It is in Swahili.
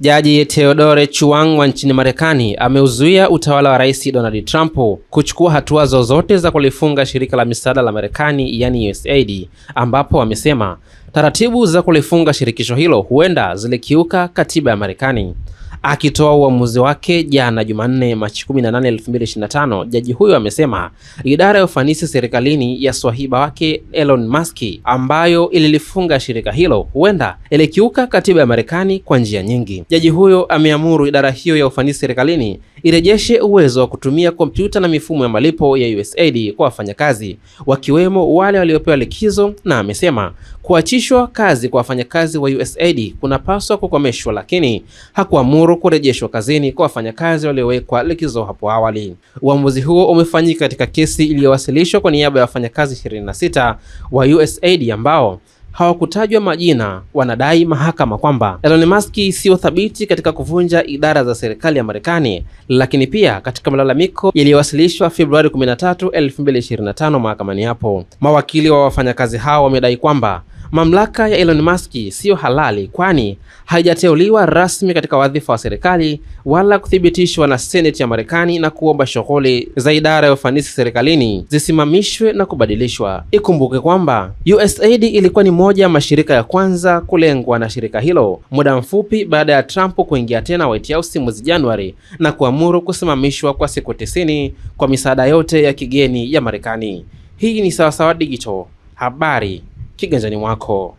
Jaji Theodore Chuang wa nchini Marekani ameuzuia utawala wa Rais Donald Trump kuchukua hatua zozote za kulifunga shirika la misaada la Marekani yani USAID, ambapo amesema taratibu za kulifunga shirikisho hilo huenda zilikiuka katiba ya Marekani. Akitoa uamuzi wake jana Jumanne, Machi 18, 2025, jaji huyo amesema idara ya ufanisi serikalini ya swahiba wake Elon Musk ambayo ililifunga shirika hilo huenda ilikiuka katiba ya Marekani kwa njia nyingi. Jaji huyo ameamuru idara hiyo ya ufanisi serikalini irejeshe uwezo wa kutumia kompyuta na mifumo ya malipo ya USAID kwa wafanyakazi wakiwemo wale waliopewa likizo, na amesema kuachishwa kazi kwa wafanyakazi wa USAID kunapaswa kukomeshwa, lakini hakuamuru kurejeshwa kazini kwa wafanyakazi waliowekwa likizo hapo awali. Uamuzi huo umefanyika katika kesi iliyowasilishwa kwa niaba ya wafanyakazi 26 wa USAID ambao hawakutajwa majina, wanadai mahakama kwamba Elon Musk siyo thabiti katika kuvunja idara za serikali ya Marekani. Lakini pia katika malalamiko yaliyowasilishwa Februari 13, 2025 mahakamani hapo, mawakili wa wafanyakazi hao wamedai kwamba Mamlaka ya Elon Musk siyo halali kwani haijateuliwa rasmi katika wadhifa wa serikali wala kuthibitishwa na Seneti ya Marekani na kuomba shughuli za idara ya ufanisi serikalini zisimamishwe na kubadilishwa. Ikumbuke kwamba USAID ilikuwa ni moja ya mashirika ya kwanza kulengwa na shirika hilo muda mfupi baada ya Trump kuingia tena White House mwezi Januari na kuamuru kusimamishwa kwa siku 90 kwa misaada yote ya kigeni ya Marekani. Hii ni Sawasawa Digital habari kiganjani mwako.